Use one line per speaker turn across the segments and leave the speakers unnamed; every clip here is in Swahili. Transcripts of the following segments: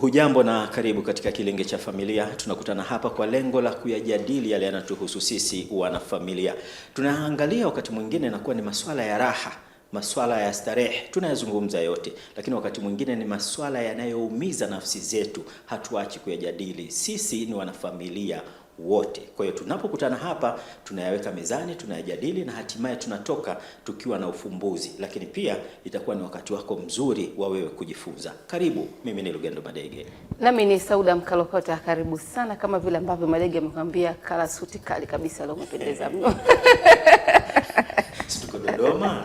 Hujambo na karibu katika Kilinge cha Familia. Tunakutana hapa kwa lengo la kuyajadili yale yanatuhusu sisi wanafamilia. Tunaangalia wakati mwingine inakuwa ni masuala ya raha, masuala ya starehe, tunayazungumza yote, lakini wakati mwingine ni masuala yanayoumiza nafsi zetu, hatuachi kuyajadili. Sisi ni wanafamilia wote. Kwa hiyo tunapokutana hapa tunayaweka mezani, tunayajadili na hatimaye tunatoka tukiwa na ufumbuzi, lakini pia itakuwa ni wakati wako mzuri wa wewe kujifunza. Karibu, mimi ni Lugendo Madege.
Nami ni Sauda Mkalokota, karibu sana. Kama vile ambavyo Madege amekwambia, kala suti kali kabisa leo umependeza mno.
Situko Dodoma.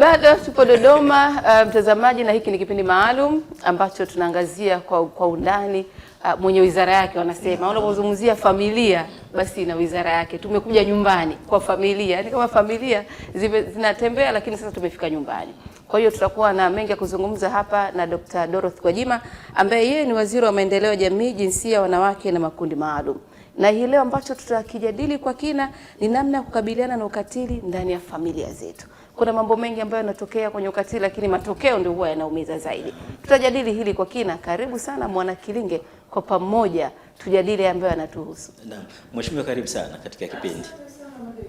Bado tupo Dodoma, uh, mtazamaji, um, na hiki ni kipindi maalum ambacho tunaangazia kwa, kwa undani uh, mwenye wizara yake wanasema, unapozungumzia familia basi na wizara yake. Tumekuja nyumbani kwa familia, yani kama familia zime, zinatembea, lakini sasa tumefika nyumbani. Kwa hiyo tutakuwa na mengi ya kuzungumza hapa na Dr. Dorothy Gwajima ambaye yeye ni waziri wa maendeleo ya jamii, jinsia, wanawake na makundi maalum na hii leo ambacho tutakijadili kwa kina ni namna ya kukabiliana na ukatili ndani ya familia zetu kuna mambo mengi ambayo yanatokea kwenye ukatili, lakini matokeo ndio huwa yanaumiza zaidi. Tutajadili hili kwa kina. Karibu sana mwana Kilinge, kwa pamoja tujadili ambayo yanatuhusu. Naam,
mheshimiwa, karibu sana katika kipindi.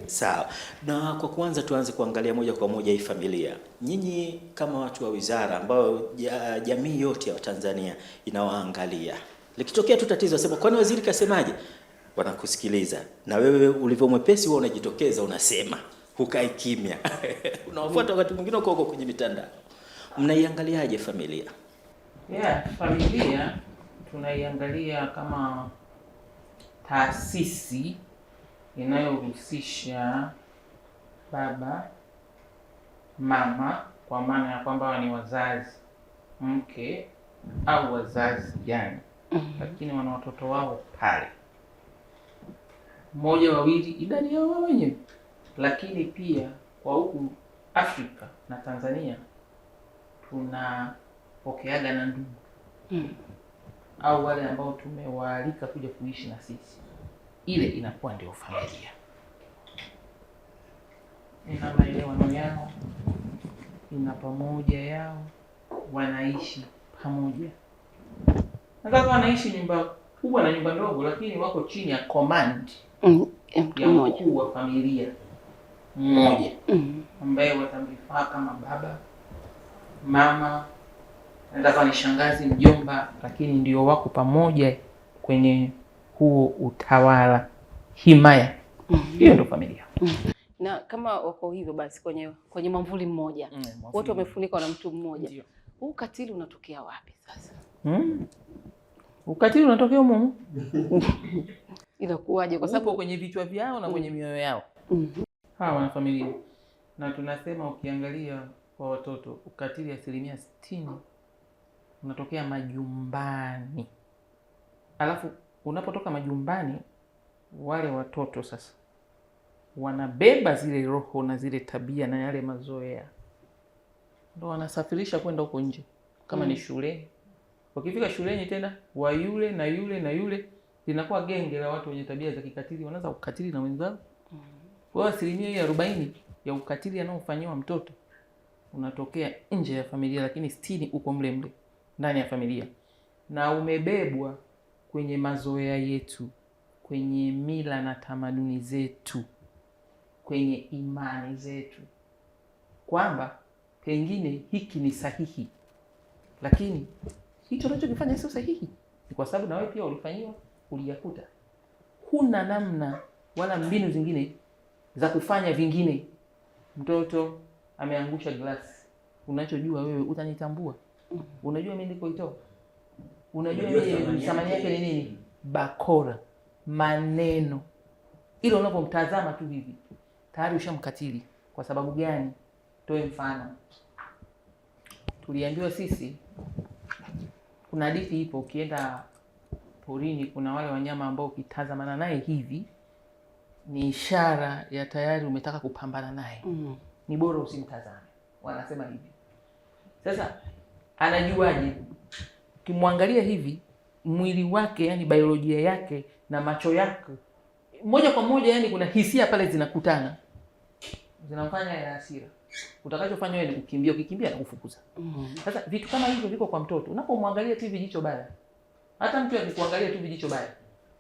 Sawa, na kwa kwanza tuanze kuangalia moja kwa moja hii familia. Nyinyi kama watu wa wizara ambao jamii yote ya Watanzania inawaangalia, likitokea tu tatizo, sema kwani waziri kasemaje? Wanakusikiliza, na wewe ulivyo mwepesi, wewe unajitokeza unasema hukai kimya unawafuata wakati mwingine uko huko kwenye mitandao. Mnaiangaliaje familia?
Yeah, familia tunaiangalia kama taasisi inayohusisha baba, mama, kwa maana ya kwamba ni wazazi, mke au wazazi yani, mhm. lakini wana watoto wao pale, mmoja wawili, idadi yao wenyewe lakini pia kwa huku Afrika na Tanzania tunapokeaga na ndugu mm. au wale ambao tumewaalika kuja kuishi na sisi, ile inakuwa ndio familia. Ina maelewano yao, ina pamoja yao, wanaishi pamoja na sasa wanaishi nyumba kubwa na nyumba ndogo, lakini wako chini ya command mm. ya mkuu wa familia mmoja mm-hmm. ambaye watamlifaa kama baba, mama, nataka ni shangazi, mjomba, lakini ndio wako pamoja kwenye huo utawala, himaya mm-hmm. hiyo ndo -hmm. ndio familia mm -hmm.
na kama wako hivyo basi kwenye kwenye mwamvuli mmoja mm, wote wamefunikwa na mtu mmoja. Huu ukatili unatokea wapi sasa? mm.
Ukatili unatokea humo
inakuwaje? Kwa sababu kwenye vichwa vyao na kwenye mioyo yao mm
-hmm hawa wanafamilia, na tunasema ukiangalia kwa watoto ukatili asilimia sitini unatokea majumbani, alafu unapotoka majumbani, wale watoto sasa wanabeba zile roho na zile tabia na yale mazoea, ndo wanasafirisha kwenda huko nje, kama ni mm. shuleni. Wakifika shuleni tena wa yule na yule na yule, linakuwa genge la watu wenye tabia za kikatili, wanaza kukatili na wenzao. Kwa hiyo asilimia hii arobaini ya ukatili anaofanyiwa mtoto unatokea nje ya familia, lakini sitini uko mle mle ndani ya familia na umebebwa kwenye mazoea yetu, kwenye mila na tamaduni zetu, kwenye imani zetu, kwamba pengine hiki ni sahihi, lakini hicho unachokifanya sio sahihi, ni kwa sababu na wewe pia ulifanyiwa, uliyakuta. Huna namna wala mbinu zingine za kufanya vingine. Mtoto ameangusha glasi, unachojua wewe utanitambua? Mm-hmm. Unajua mimi nilikoitoa? Unajua mimi thamani yake ni nini? Bakora, maneno. Ile unapomtazama tu hivi tayari ushamkatili. Kwa sababu gani? Toe mfano. Tuliambiwa sisi, kuna hadithi ipo, ukienda porini kuna wale wanyama ambao ukitazamana naye hivi ni ishara ya tayari umetaka kupambana naye mm. Ni bora usimtazame, wanasema hivi. Sasa anajuaje? Ukimwangalia hivi mwili wake, yani biolojia yake na macho yake moja kwa moja, yani kuna hisia pale zinakutana, zinamfanya ya asira Utakachofanya wewe ni kukimbia, ukikimbia na kufukuza mm. hmm Sasa vitu kama hivyo viko kwa mtoto. Unapomwangalia tu vijicho jicho baya, hata mtu akikuangalia tu vijicho jicho baya,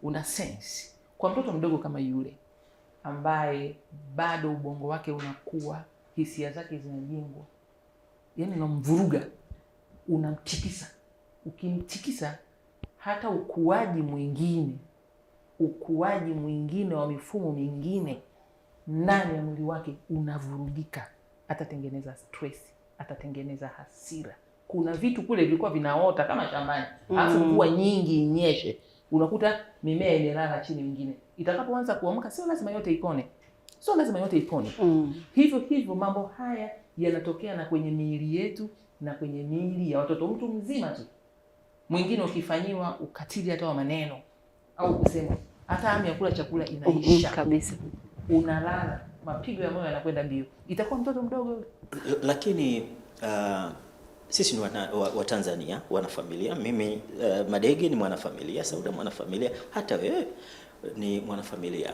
una sense kwa mtoto mdogo kama yule ambaye bado ubongo wake unakuwa, hisia zake zinajengwa, yani unamvuruga, unamtikisa. Ukimtikisa hata ukuaji mwingine, ukuaji mwingine wa mifumo mingine ndani ya mwili wake unavurugika, atatengeneza stress, atatengeneza hasira. Kuna vitu kule vilikuwa vinaota kama shambani, alafu mm. mvua nyingi inyeshe, unakuta mimea imelala chini, mingine itakapoanza kuamka, sio lazima yote ipone, sio lazima yote ipone. Mm. Hivyo hivyo mambo haya yanatokea na kwenye miili yetu na kwenye miili ya watoto, mtu mzima tu. Mwingine ukifanyiwa ukatili hata wa maneno au kusema, hata hamu ya kula chakula inaisha mm, kabisa, unalala, mapigo ya moyo yanakwenda mbio, itakuwa mtoto mdogo.
Lakini uh sisi ni Watanzania wa, wa wanafamilia. Mimi uh, eh, Madege ni mwanafamilia, Sauda mwanafamilia, hata wewe ni mwanafamilia.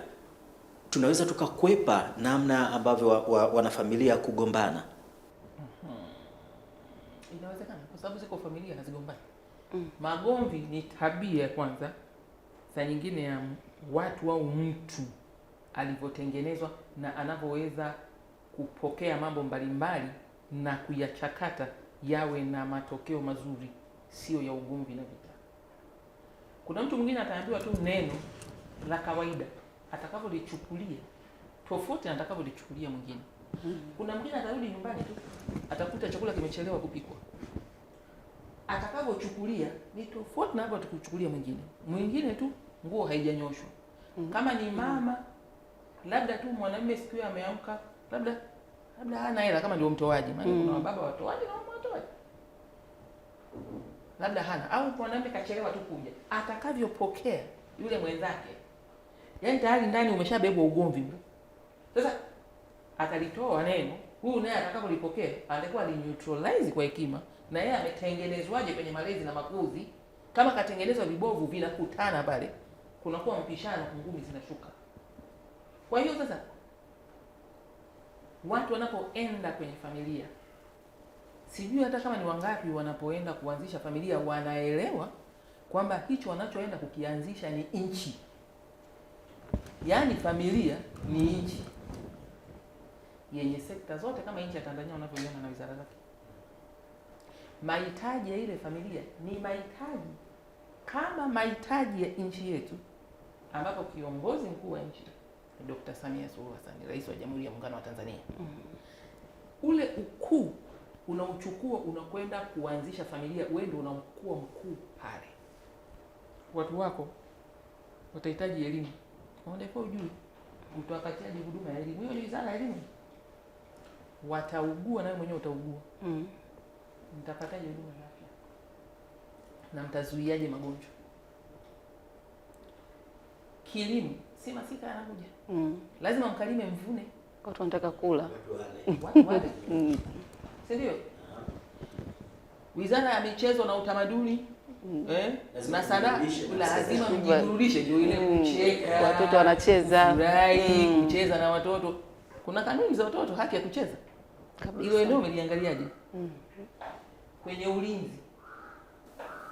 Tunaweza tukakwepa namna ambavyo wa, wa, wanafamilia kugombana.
Mm-hmm. Inawezekana kwa sababu ziko familia hazigombani. mm. Magomvi ni tabia kwanza, saa nyingine ya watu au mtu alivyotengenezwa na anavyoweza kupokea mambo mbalimbali na kuyachakata yawe na matokeo mazuri, sio ya ugomvi na vita. Kuna mtu mwingine ataambiwa tu neno la kawaida atakavyolichukulia tofauti na atakavyolichukulia mwingine. Mm-hmm. Kuna mwingine atarudi nyumbani tu atakuta chakula kimechelewa kupikwa, atakavyochukulia ni tofauti na atakavyochukulia mwingine. Mwingine tu nguo haijanyoshwa, mm-hmm. kama ni mama labda tu mwanamume siku hiyo ameamka, labda labda hana hela, kama ndio mtoaji, maana kuna mm-hmm. wababa watoaji na labda hana au mwanamke kachelewa tu kuja, atakavyopokea yule mwenzake, yaani tayari ndani umeshabebwa ugomvi. Sasa atalitoa neno huyu, naye atakapolipokea atakuwa ali neutralize kwa hekima, na yeye ametengenezwaje kwenye malezi na makuzi. Kama katengenezwa vibovu, vinakutana pale, kunakuwa mpishano, ngumi zinashuka. Kwa hiyo sasa watu wanapoenda kwenye familia sijui hata kama ni wangapi wanapoenda kuanzisha familia wanaelewa kwamba hicho wanachoenda kukianzisha ni nchi, yaani familia ni nchi yenye sekta zote kama nchi ya Tanzania unavyoiona na wizara zake. Mahitaji ya ile familia ni mahitaji kama mahitaji ya nchi yetu, ambapo kiongozi mkuu wa nchi Dr. Samia Suluhu Hassan, rais wa Jamhuri ya Muungano wa Tanzania, mm. ule ukuu unauchukua unakwenda kuanzisha familia, wewe ndio unakuwa mkuu pale. Watu wako watahitaji elimu, wanatakiwa ujue huduma ya elimu. Hiyo ni wizara ya elimu. Wataugua nawe mwenyewe utaugua. mm. Mtapataje huduma ya afya na mtazuiaje magonjwa? Kilimo si masika yanakuja. mm. Lazima mkalime, mvune,
watu wanataka kula, watu wale.
Mm si ndio? Wizara ya Michezo na Utamaduni mm. eh, na Sanaa lazima mjiburudishe, ndio ile mm. kucheka,
watoto wanacheza,
kufurahi, mm. kucheza na watoto. Kuna kanuni za watoto, haki ya kucheza. Hilo eneo umeliangaliaje? Kwenye ulinzi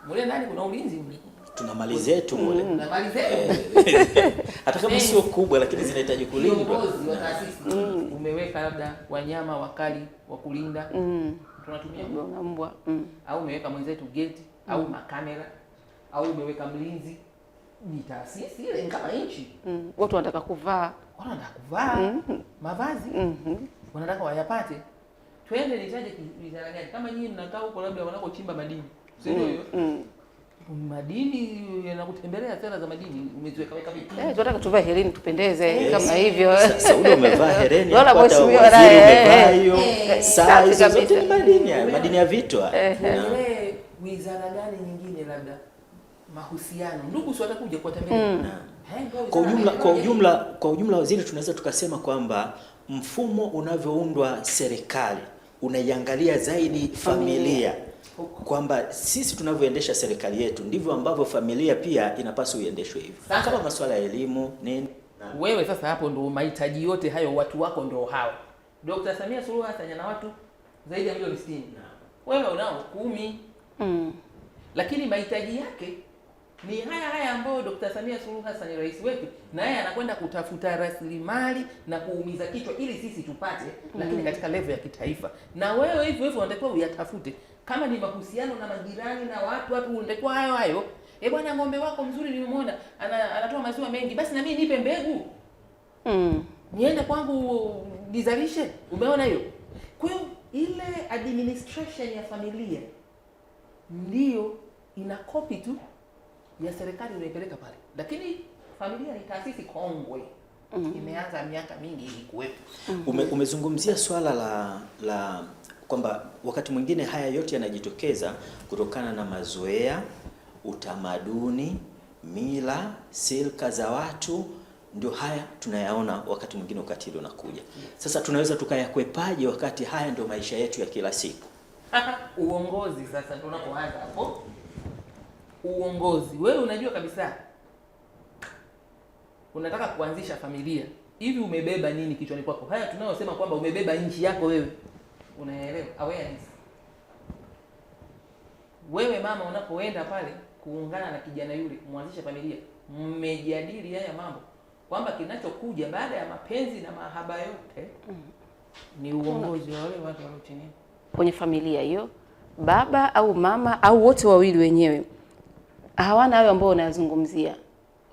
mule ndani kuna ulinzi mle
tuna mali zetu mm. mule mm. Eh. hata kama eh. sio kubwa, lakini zinahitaji kulindwa.
Mm. Umeweka labda wanyama wakali wa kulinda mm. tunatumia mbwa mm. au umeweka mwenzetu geti mm. au makamera au umeweka mlinzi ni taasisi ile kama nchi
mm. watu wanataka kuvaa,
wanataka kuvaa mm mavazi mm -hmm. wanataka wayapate. Twende nitaje kama nyinyi mnakaa huko labda wanakochimba madini, si hiyo madini yanakutembelea, sera za madini umeziweka weka vipi?
Eh, tunataka tuvae hereni tupendeze eh, kama hivyo.
Sasa umevaa hereni,
wala mheshimiwa umevaa hiyo
eh, saa hizo zote ni madini, madini ya vitwa. Eh,
Wewe wizara gani nyingine, labda mahusiano, ndugu si watakuja kuwatembelea? Mm.
Kwa ujumla, kwa ujumla, kwa ujumla, waziri, tunaweza tukasema kwamba mfumo unavyoundwa serikali unaiangalia zaidi familia kwamba sisi tunavyoendesha serikali yetu ndivyo ambavyo familia pia inapaswa iendeshwe hivyo, kama masuala ya elimu nini.
Wewe sasa hapo ndo mahitaji yote hayo, watu wako ndio hao. Dr. Samia Suluhu Hassan ana watu zaidi ya milioni 60, wewe unao kumi. Mm. Lakini mahitaji yake ni haya haya ambayo Dr. Samia Suluhu Hassan rais wetu, na yeye anakwenda kutafuta rasilimali na kuumiza kichwa ili sisi tupate, lakini mm, katika level ya kitaifa, na wewe hivyo hivyo unatakiwa uyatafute. Kama ni mahusiano na majirani na watu watu, utakuwa hayo hayo. Eh, bwana, ng'ombe wako mzuri nimemwona ana, anatoa maziwa mengi, basi na mimi nipe mbegu mm. niende kwangu nizalishe. Umeona hiyo? Kwa hiyo ile administration ya familia ndiyo ina copy tu ya serikali unaipeleka pale, lakini familia ni taasisi kongwe mm -hmm. imeanza miaka mingi ilikuwepo.
mm -hmm. Ume, umezungumzia swala la la kwamba wakati mwingine haya yote yanajitokeza kutokana na mazoea, utamaduni, mila, silka za watu ndio haya tunayaona, wakati mwingine ukatili unakuja. Sasa tunaweza tukayakwepaje wakati haya ndio maisha yetu ya kila siku?
Uongozi sasa ndio unapoanza hapo. Uongozi wewe unajua kabisa unataka kuanzisha familia hivi, umebeba nini kichwani kwako? Haya tunayosema kwamba umebeba nchi yako wewe unaelewa awareness. Wewe mama, unapoenda pale kuungana na kijana yule, mwanzishe familia, mmejadili haya mambo kwamba kinachokuja baada ya mapenzi na mahaba yote mm. ni uongozi wa wale watu walio chini
kwenye familia hiyo, baba au mama au wote wawili wenyewe hawana hayo ambao unayazungumzia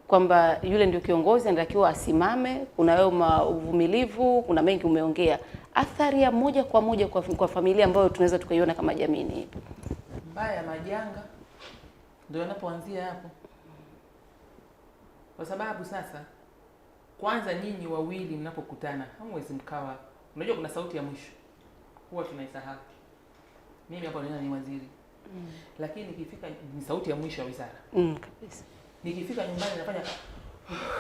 kwamba yule ndio kiongozi anatakiwa asimame. Kuna wewe uvumilivu, kuna mengi umeongea, athari ya moja kwa moja kwa, kwa familia ambayo tunaweza tukaiona kama jamii ni ipi?
Mbaya, majanga ndio yanapoanzia hapo, kwa sababu sasa kwanza nyinyi wawili mnapokutana hamwezi mkawa, unajua kuna sauti ya mwisho huwa tunaisahau. Mimi hapo naona ni waziri mm. Lakini nikifika ni sauti ya mwisho ya wizara mm, kabisa. Nikifika nyumbani nafanya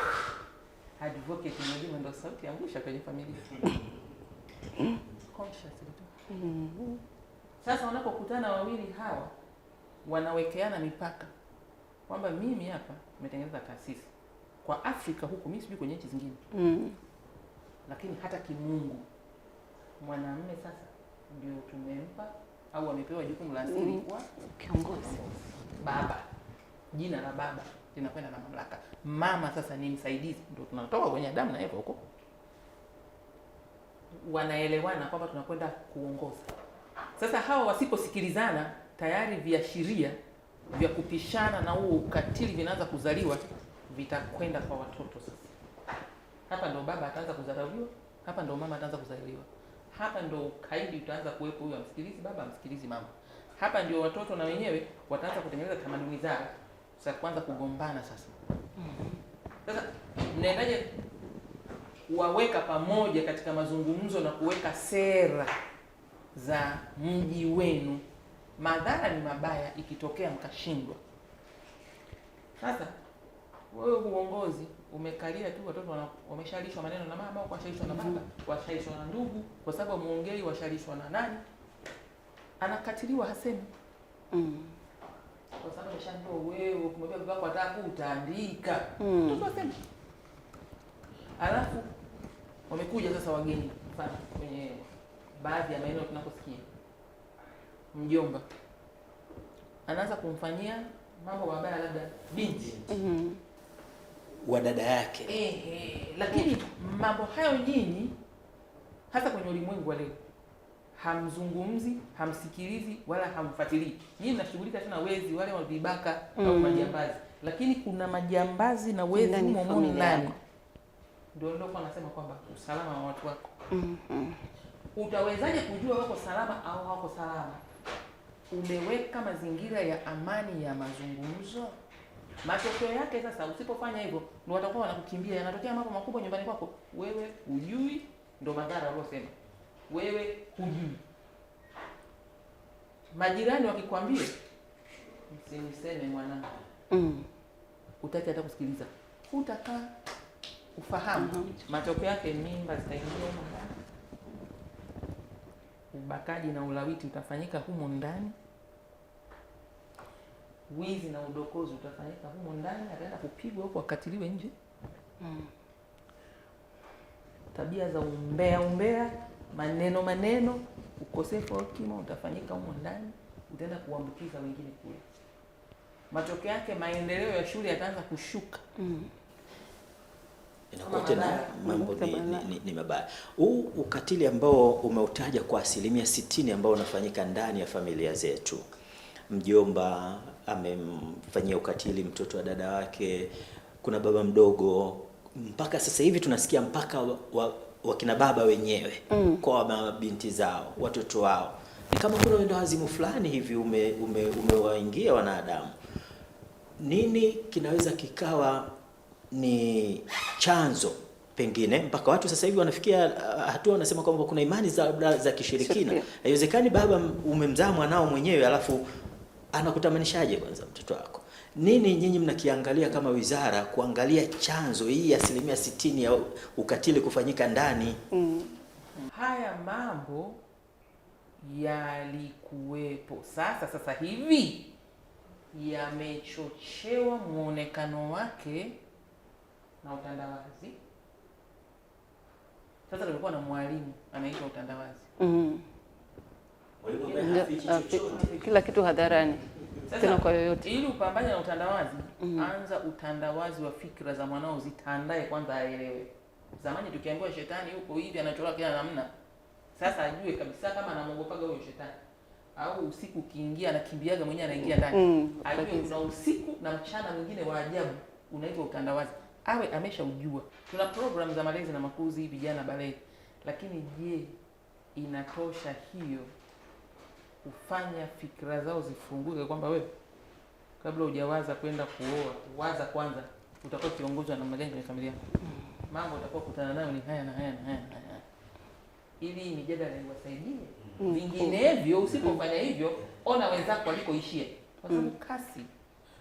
advocate, ndio sauti ya mwisho kwenye familia consciously tu. Mm -hmm. Sasa wanapokutana wawili hawa wanawekeana mipaka kwamba mimi hapa nimetengeneza taasisi kwa Afrika huku, mimi sijui kwenye nchi zingine mm. Lakini hata kimungu mwanamume sasa ndio tumempa au amepewa jukumu la asili mm. kwa kiongozi baba, jina la baba linakwenda na mamlaka. Mama sasa ni msaidizi, ndio tunatoka kwenye Adamu na Eva huko wanaelewana kwamba tunakwenda kuongoza. Sasa hawa wasiposikilizana, tayari viashiria vya kupishana na huo ukatili vinaanza kuzaliwa, vitakwenda kwa watoto. Sasa hapa ndo baba ataanza kudharauliwa, hapa ndo mama ataanza kudharauliwa, hapa ndo ukaidi utaanza kuwepo, huyo amsikilizi baba, amsikilizi mama. Hapa ndio watoto na wenyewe wataanza kutengeneza tamaduni zao za kwanza kugombana. Sasa mm-hmm. sasa mnaendaje kuwaweka pamoja katika mazungumzo na kuweka sera za mji wenu. Madhara ni mabaya ikitokea mkashindwa. Sasa wewe uongozi umekalia tu, watoto wameshalishwa maneno na mama, washalishwa na baba, mm-hmm. washalishwa na ndugu, kwa sababu muongei, washalishwa na nani, anakatiliwa hasemi mm. kwa sababu ameshaambiwa wewe kumwambia baba yako atakuutaandika mm. Alafu wamekuja sasa wageni sana kwenye baadhi ya maeneo tunakosikia, mjomba anaanza kumfanyia mambo mabaya, labda binti mm
-hmm. wa dada yake eh,
eh, lakini mambo hayo nyinyi, hasa kwenye ulimwengu wa leo, hamzungumzi, hamsikilizi wala hamfuatilii. Nyinyi mnashughulika tena wezi wale wavibaka mm -hmm. au majambazi, lakini kuna majambazi na wezi humo ndani ndio nilikuwa nasema kwamba usalama wa watu wako mm -hmm. Utawezaje kujua wako salama au hawako salama? Umeweka mazingira ya amani ya mazungumzo. Matokeo yake sasa, usipofanya hivyo, ndio watakuwa wanakukimbia. Yanatokea mambo makubwa nyumbani kwako, wewe hujui. Ndio madhara aliosema wewe hujui. Majirani wakikwambia msiniseme mwanangu, mm. Utaki hata kusikiliza, utakaa ufahamu mm -hmm. Matokeo yake mimba zitaingia humo ndani, ubakaji na ulawiti utafanyika humo ndani, wizi na udokozi utafanyika humo ndani, ataenda kupigwa huko akatiliwe nje mm. Tabia za umbea umbea, maneno maneno, ukosefu wa hekima utafanyika humo ndani, utaenda kuambukiza wengine kule. Matokeo yake maendeleo ya shule yataanza kushuka mm
inakuwa tena mambo ni, ni, ni mabaya. Huu ukatili ambao umeutaja kwa asilimia sitini ambao unafanyika ndani ya familia zetu, mjomba amemfanyia ukatili mtoto wa dada wake, kuna baba mdogo, mpaka sasa hivi tunasikia mpaka wa, wakina baba wenyewe mm. kwa mabinti zao, watoto wao ni kama kuna wendawazimu fulani hivi ume, ume, umewaingia wanadamu. Nini kinaweza kikawa ni chanzo pengine mpaka watu sasa hivi wanafikia uh, hatua wanasema kwamba kuna imani za labda za kishirikina. Haiwezekani baba umemzaa mwanao mwenyewe alafu anakutamanishaje kwanza mtoto wako? Nini nyinyi mnakiangalia kama wizara kuangalia chanzo hii asilimia sitini ya ukatili kufanyika ndani? Mm.
Haya mambo yalikuwepo, sasa sasa hivi yamechochewa muonekano wake na utandawazi. Sasa tulikuwa na mwalimu anaitwa utandawazi mm
-hmm. kila kitu hadharani
tena kwa yoyote. Ili upambane na utandawazi mm -hmm. anza utandawazi wa fikra za mwanao, zitandae kwanza, aelewe. Zamani tukiambiwa shetani yuko hivi anachora kila namna, sasa ajue kabisa kama anamwogopaga huyo shetani au usiku ukiingia anakimbiaga mwenyewe anaingia ndani. Mm, ajue kuna usiku na mchana mwingine wa ajabu unaitwa utandawazi awe ameshaujua. Tuna program za malezi na makuzi vijana bale lakini je, inatosha hiyo kufanya fikra zao zifunguke kwamba wewe kabla hujawaza kwenda kuoa, waza kwanza utakuwa kiongozi na namna gani kwenye familia Mambo utakuwa kutana nayo ni haya na haya na haya na haya, ili mijadala iwasaidie. Mm. Vinginevyo usipofanya hivyo, ona wenzako walikoishia, kwa sababu kasi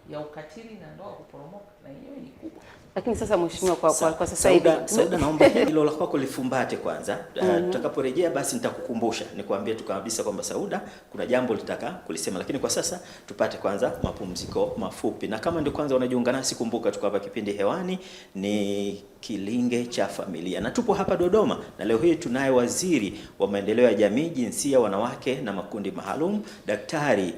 ya ukatili na ndoa kuporomoka na yenyewe ni kubwa.
Lakini sasa mheshimiwa, kwa, kwa, kwa sasa hivi
Sauda, naomba hilo la kwako lifumbate kwanza. mm -hmm. Uh, tutakaporejea basi nitakukumbusha nikwambie tu kabisa kwamba Sauda kuna jambo litaka kulisema, lakini kwa sasa tupate kwanza mapumziko mafupi, na kama ndio kwanza unajiunga nasi, kumbuka tuko hapa, kipindi hewani ni Kilinge cha Familia, na tupo hapa Dodoma, na leo hii tunaye waziri wa maendeleo ya jamii, jinsia, wanawake na makundi maalum, Daktari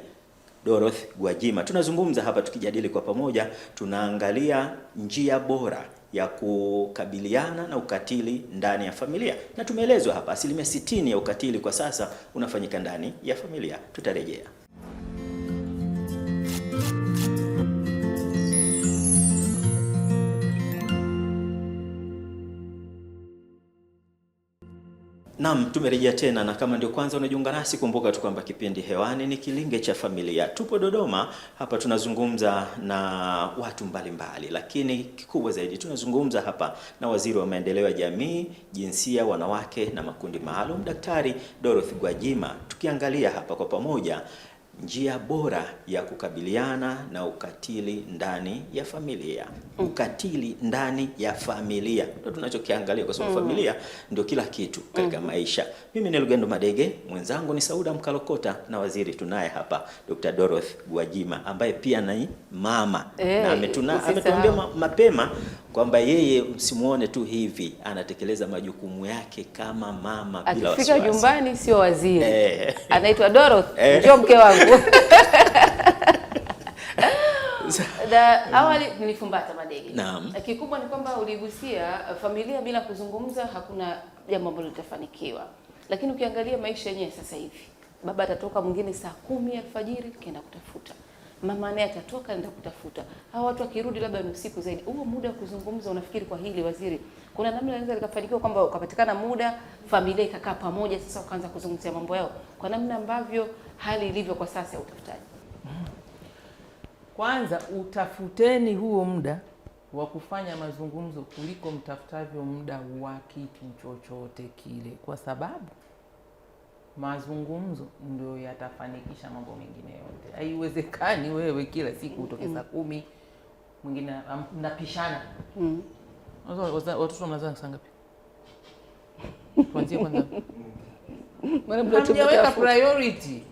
Dorothy Gwajima. Tunazungumza hapa tukijadili kwa pamoja, tunaangalia njia bora ya kukabiliana na ukatili ndani ya familia, na tumeelezwa hapa asilimia sitini ya ukatili kwa sasa unafanyika ndani ya familia. Tutarejea. Naam, tumerejea tena na kama ndio kwanza unajiunga nasi, kumbuka tu kwamba kipindi hewani ni Kilinge cha Familia. Tupo Dodoma hapa, tunazungumza na watu mbalimbali mbali, lakini kikubwa zaidi tunazungumza hapa na waziri wa maendeleo ya jamii, jinsia, wanawake na makundi maalum, Daktari Dorothy Gwajima, tukiangalia hapa kwa pamoja njia bora ya kukabiliana na ukatili ndani ya familia ukatili ndani ya familia, ndio tunachokiangalia kwa sababu mm. familia ndio kila kitu katika mm. maisha. Mimi ni Lugendo Madege, mwenzangu ni Sauda Mkalokota na waziri tunaye hapa Dr. Dorothy Gwajima ambaye pia ni mama hey, na ametuambia ma, mapema kwamba yeye msimuone tu hivi, anatekeleza majukumu yake kama mama
bila wasiwasi. Akifika nyumbani sio waziri hey. Eh. anaitwa Dorothy hey. Eh. njoo mke wangu da, mm. awali mm. nilifumbata madege. Naam. Kikubwa ni kwamba uligusia eh, familia bila kuzungumza hakuna jambo ambalo litafanikiwa. Lakini ukiangalia maisha yenyewe sasa hivi, baba atatoka mwingine saa kumi alfajiri kaenda kutafuta. Mama naye atatoka anaenda kutafuta. Hao watu akirudi labda ni usiku zaidi. Huo muda wa kuzungumza unafikiri kwa hili waziri, kuna namna inaweza likafanikiwa kwamba ukapatikana muda familia ikakaa pamoja sasa ukaanza kuzungumzia mambo yao kwa namna ambavyo hali ilivyo kwa sasa ya utafutaji.
Kwanza utafuteni huo muda wa kufanya mazungumzo kuliko mtafutavyo muda wa kitu chochote kile, kwa sababu mazungumzo ndio yatafanikisha mambo mengine yote. Haiwezekani wewe kila siku utoke saa kumi mwingine mnapishana. Mm. Watoto mnazaa saa ngapi? Tuanzie kwanza. Hamjaweka priority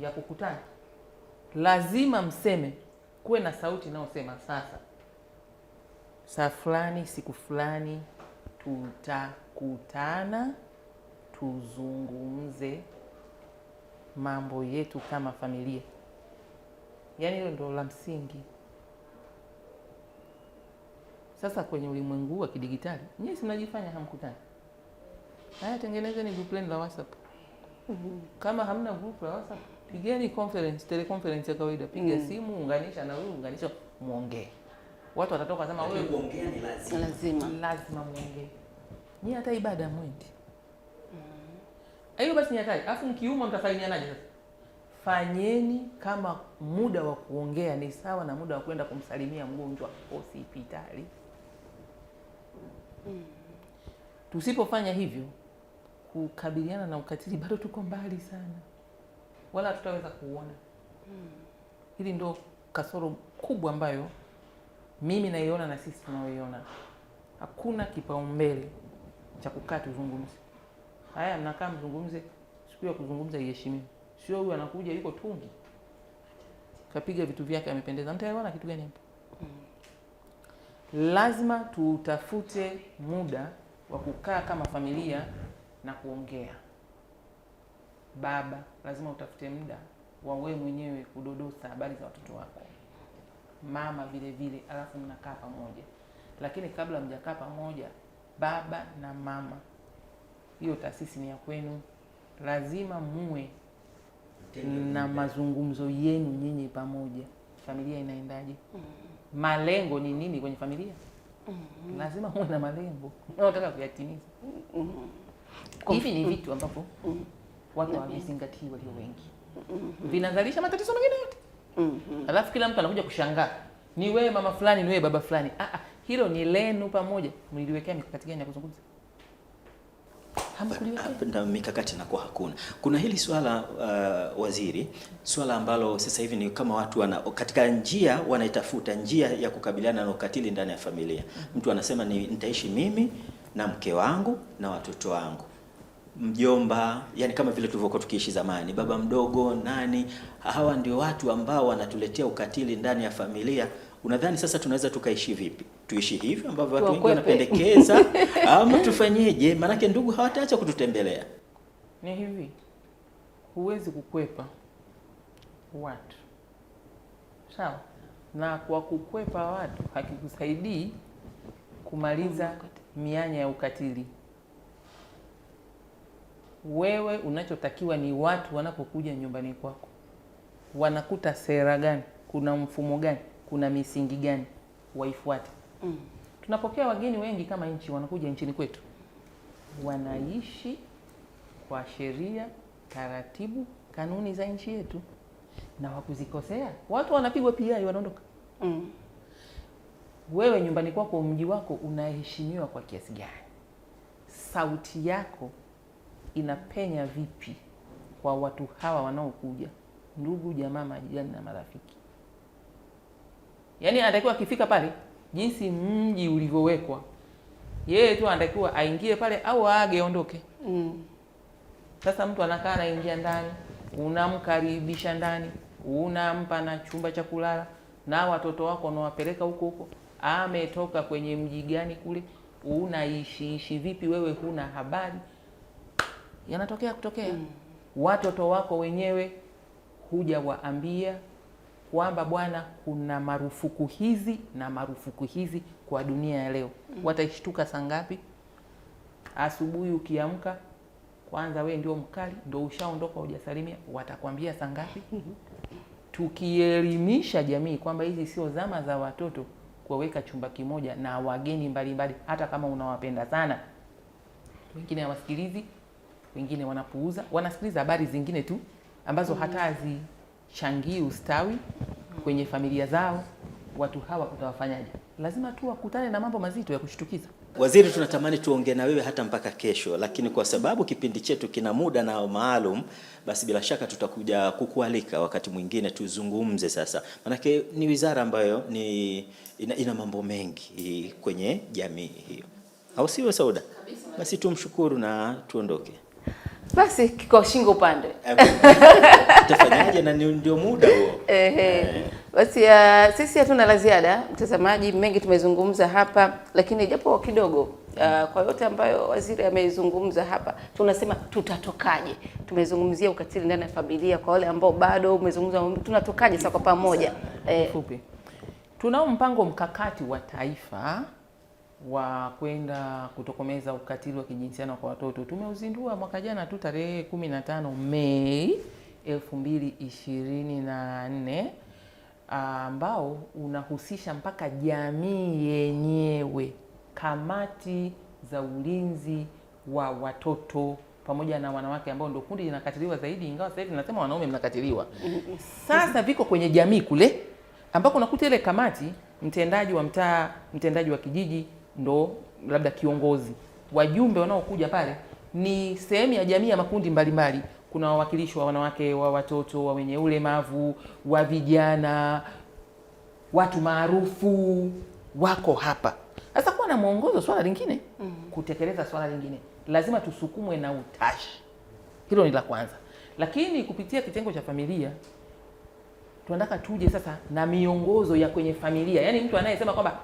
ya kukutana lazima mseme, kuwe na sauti inayosema sasa, saa fulani, siku fulani tutakutana, tuzungumze mambo yetu kama familia. Yaani hilo ndo la msingi. Sasa kwenye ulimwengu wa kidigitali nyie si mnajifanya hamkutani? Haya, tengenezeni group la WhatsApp. Kama hamna group la WhatsApp pigeni conference, teleconference ya kawaida, piga mm. simu, unganisha na huyu, unganisha, muongee. Watu watatoka sema wewe
kuongea ni lazima, lazima,
lazima muongee. Ni hata ibada mwendi mm. hiyo basi nyatai, alafu mkiumwa mtasainianaje? Sasa fanyeni kama muda wa kuongea ni sawa na muda wa kwenda kumsalimia mgonjwa hospitali. mm. Tusipofanya hivyo, kukabiliana na ukatili bado tuko mbali sana wala hatutaweza kuona. Hili ndio kasoro kubwa ambayo mimi naiona na sisi tunaoiona. Hakuna kipaumbele cha kukaa tuzungumze. Haya, mnakaa mzungumze, siku ya kuzungumza iheshimiwe, sio huyu anakuja yuko tungi kapiga vitu vyake amependeza, mtaelewana kitu gani hapo? Lazima tutafute muda wa kukaa kama familia na kuongea baba, lazima utafute muda wa wewe mwenyewe kudodosa habari za watoto wako, mama vile vile, alafu mnakaa pamoja. Lakini kabla mjakaa pamoja, baba na mama, hiyo taasisi ni ya kwenu, lazima muwe na mazungumzo yenu nyinyi pamoja, familia inaendaje? mm malengo ni nini kwenye familia? mm lazima muwe na malengo nataka kuyatimiza. mm hivi ni vitu ambavyo mm watu hawajizingatii walio wengi, mm-hmm. vinazalisha matatizo mengine yote. Mm-hmm. Alafu kila mtu anakuja kushangaa, ni wewe mama fulani, ni wewe baba fulani. Ah, ah hilo ni lenu pamoja. mliliwekea mikakati gani ya kuzungumza?
Mikakati inakuwa hakuna. Kuna hili swala uh, waziri, swala ambalo sasa hivi ni kama watu wana, katika njia wanaitafuta njia ya kukabiliana na ukatili ndani ya familia. Mm-hmm. Mtu anasema ni nitaishi mimi na mke wangu na watoto wangu mjomba, yani kama vile tulivyokuwa tukiishi zamani, baba mdogo, nani, hawa ndio watu ambao wanatuletea ukatili ndani ya familia. Unadhani sasa tunaweza tukaishi vipi? Tuishi hivi ambavyo watu wengi wanapendekeza ama tufanyeje? Maanake ndugu hawataacha kututembelea.
Ni hivi, huwezi kukwepa watu sawa, na kwa kukwepa watu hakikusaidii kumaliza mianya ya ukatili wewe unachotakiwa ni watu wanapokuja nyumbani kwako wanakuta sera gani, kuna mfumo gani, kuna misingi gani, waifuate. mm. Tunapokea wageni wengi kama nchi, wanakuja nchini kwetu, wanaishi kwa sheria, taratibu, kanuni za nchi yetu, na wakuzikosea watu wanapigwa pia wanaondoka. mm. Wewe nyumbani kwako, mji wako unaheshimiwa kwa kiasi gani? Sauti yako inapenya vipi kwa watu hawa wanaokuja, ndugu jamaa, majirani na marafiki. Yaani anatakiwa akifika pale, jinsi mji ulivyowekwa, yeye tu anatakiwa aingie pale au aage, aondoke. Mm. Sasa mtu anakaa anaingia ndani, unamkaribisha ndani, unampa na chumba cha kulala, na watoto wako unawapeleka huko huko. Ametoka kwenye mji gani kule, unaishiishi vipi? Wewe huna habari yanatokea kutokea mm. Watoto wako wenyewe huja waambia kwamba bwana, kuna marufuku hizi na marufuku hizi kwa dunia ya leo mm. Wataishtuka saa ngapi? Asubuhi ukiamka kwanza, we ndio mkali, ndio ushaondoka, hujasalimia, watakwambia saa ngapi? Tukielimisha jamii kwamba hizi sio zama za watoto kuwaweka chumba kimoja na wageni mbalimbali mbali, hata kama unawapenda sana, wengine hawasikilizi wengine wanapuuza, wanasikiliza habari zingine tu ambazo mm. hata hazichangii ustawi kwenye familia zao. Watu hawa utawafanyaje? Lazima tu wakutane na mambo mazito ya kushtukiza.
Waziri, tunatamani tuongee na wewe hata mpaka kesho, lakini kwa sababu kipindi chetu kina muda na maalum, basi bila shaka tutakuja kukualika wakati mwingine tuzungumze. Sasa maanake ni wizara ambayo ni ina, ina mambo mengi kwenye jamii hiyo, au siwe Sauda? Basi tumshukuru na tuondoke
basi kiko shingo upande eh,
tafanyaje? na ndio muda huo eh.
basi. ya, ah, sisi hatuna la ziada mtazamaji, mengi tumezungumza hapa, lakini japo kidogo Uh, kwa yote ambayo waziri amezungumza hapa, tunasema tutatokaje. Tumezungumzia ukatili ndani ya familia, kwa wale ambao bado umezungumza, tunatokaje sasa kwa pamoja. eh.
tunao mpango mkakati wa taifa wa kwenda kutokomeza ukatili wa kijinsiana kwa watoto tumeuzindua mwaka jana tu tarehe 15 Mei 2024 ambao unahusisha mpaka jamii yenyewe, kamati za ulinzi wa watoto pamoja na wanawake ambao ndio kundi linakatiliwa zaidi, ingawa sasa hivi nasema wanaume mnakatiliwa. Sasa viko kwenye jamii kule ambako unakuta ile kamati, mtendaji wa mtaa, mtendaji wa kijiji ndo labda kiongozi. Wajumbe wanaokuja pale ni sehemu ya jamii ya makundi mbalimbali mbali. Kuna wawakilishi wa wanawake, wa watoto, wa wenye ulemavu, wa vijana, watu maarufu wako hapa. Sasa kuwa na mwongozo, swala lingine mm -hmm. kutekeleza swala lingine, lazima tusukumwe na utashi. Hilo ni la kwanza, lakini kupitia kitengo cha familia tunataka tuje sasa na miongozo ya kwenye familia, yaani mtu anayesema kwamba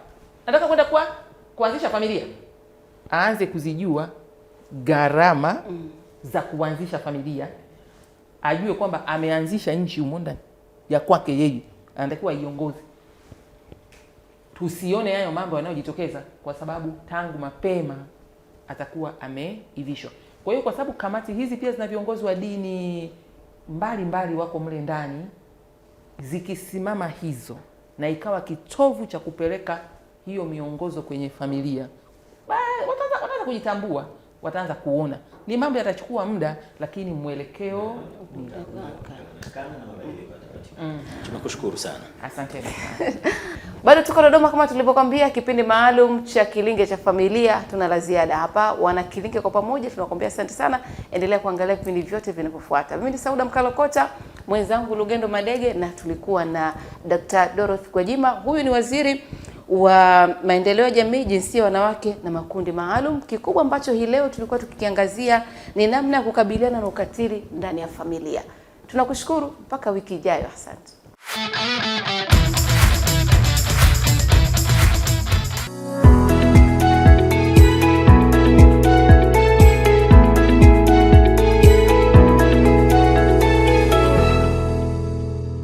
nataka kwenda kwa kuanzisha familia aanze kuzijua gharama mm. za kuanzisha familia, ajue kwamba ameanzisha nchi humo ndani ya kwake yeye, anatakiwa iongoze. Tusione hayo mambo yanayojitokeza, kwa sababu tangu mapema atakuwa ameivishwa. Kwa hiyo, kwa sababu kamati hizi pia zina viongozi wa dini mbalimbali mbali wako mle ndani, zikisimama hizo na ikawa kitovu cha kupeleka hiyo miongozo kwenye familia, wataanza kujitambua, wataanza kuona. Ni mambo yatachukua muda, lakini mwelekeo ni
mm. Tunakushukuru sana, asante sana.
Bado tuko Dodoma kama tulivyokwambia, kipindi maalum cha Kilinge cha Familia. Tuna la ziada hapa, wana Kilinge kwa pamoja tunakwambia asante sana. Endelea kuangalia vipindi vyote vinavyofuata. Mimi ni Sauda Mkalokota, mwenzangu Lugendo Madege, na tulikuwa na Dr. Dorothy Gwajima. Huyu ni waziri wa maendeleo ya jamii, jinsia, wanawake na makundi maalum. Kikubwa ambacho hii leo tulikuwa tukikiangazia ni namna ya kukabiliana na ukatili ndani ya familia. Tunakushukuru mpaka wiki ijayo, asante.